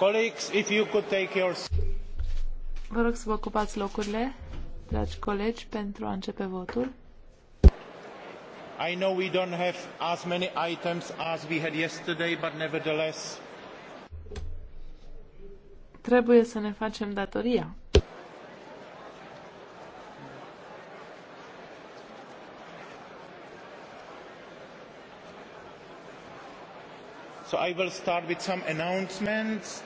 Vă rog să vă ocupați locurile, dragi colegi, pentru a începe votul. I know we don't have as many items as we had yesterday, but nevertheless... Trebuie să ne facem datoria. So I will start with some announcements.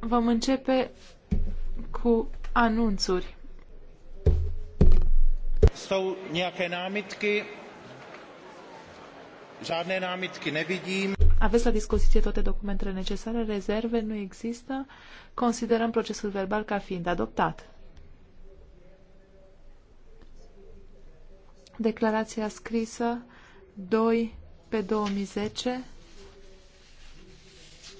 Vom începe cu anunțuri. Jsou nějaké námitky? Žádné námitky nevidím. Aveți la dispoziție toate documentele necesare, rezerve nu există. Considerăm procesul verbal ca fiind adoptat. Declarația scrisă 2 pe 2010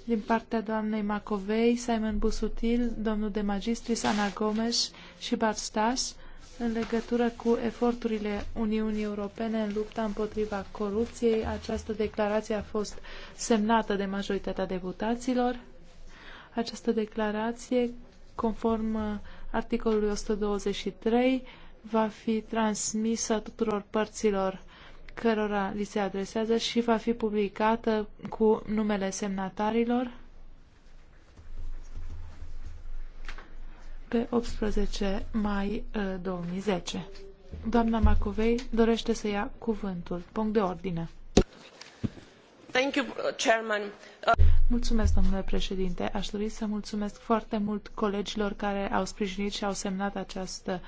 din partea doamnei Macovei, Simon Busutil, domnul de magistris Ana Gomes și Bart Stas în legătură cu eforturile Uniunii Europene în lupta împotriva corupției. Această declarație a fost semnată de majoritatea deputaților. Această declarație, conform uh, articolului 123, va fi transmisă tuturor părților cărora li se adresează și va fi publicată cu numele semnatarilor pe 18 mai 2010. Uh, Doamna Macovei dorește să ia cuvântul. Punct de ordine. Thank you, Chairman. Mulțumesc, domnule președinte. Aș dori să mulțumesc foarte mult colegilor care au sprijinit și au semnat această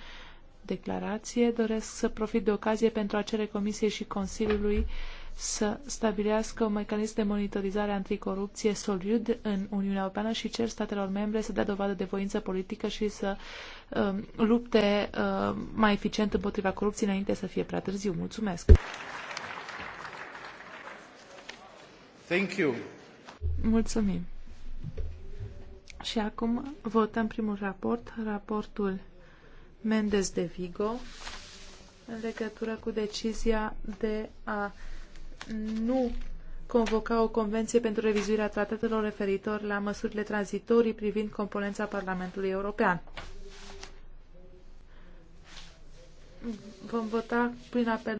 declarație, doresc să profit de ocazie pentru a cere Comisiei și Consiliului să stabilească un mecanism de monitorizare anticorupție solid în Uniunea Europeană și cer statelor membre să dea dovadă de voință politică și să um, lupte um, mai eficient împotriva corupției înainte să fie prea târziu. Mulțumesc! Thank you. Mulțumim! Și acum votăm primul raport, raportul Mendes de Vigo în legătură cu decizia de a nu convoca o convenție pentru revizuirea tratatelor referitor la măsurile tranzitorii privind componența Parlamentului European. Vom vota prin apel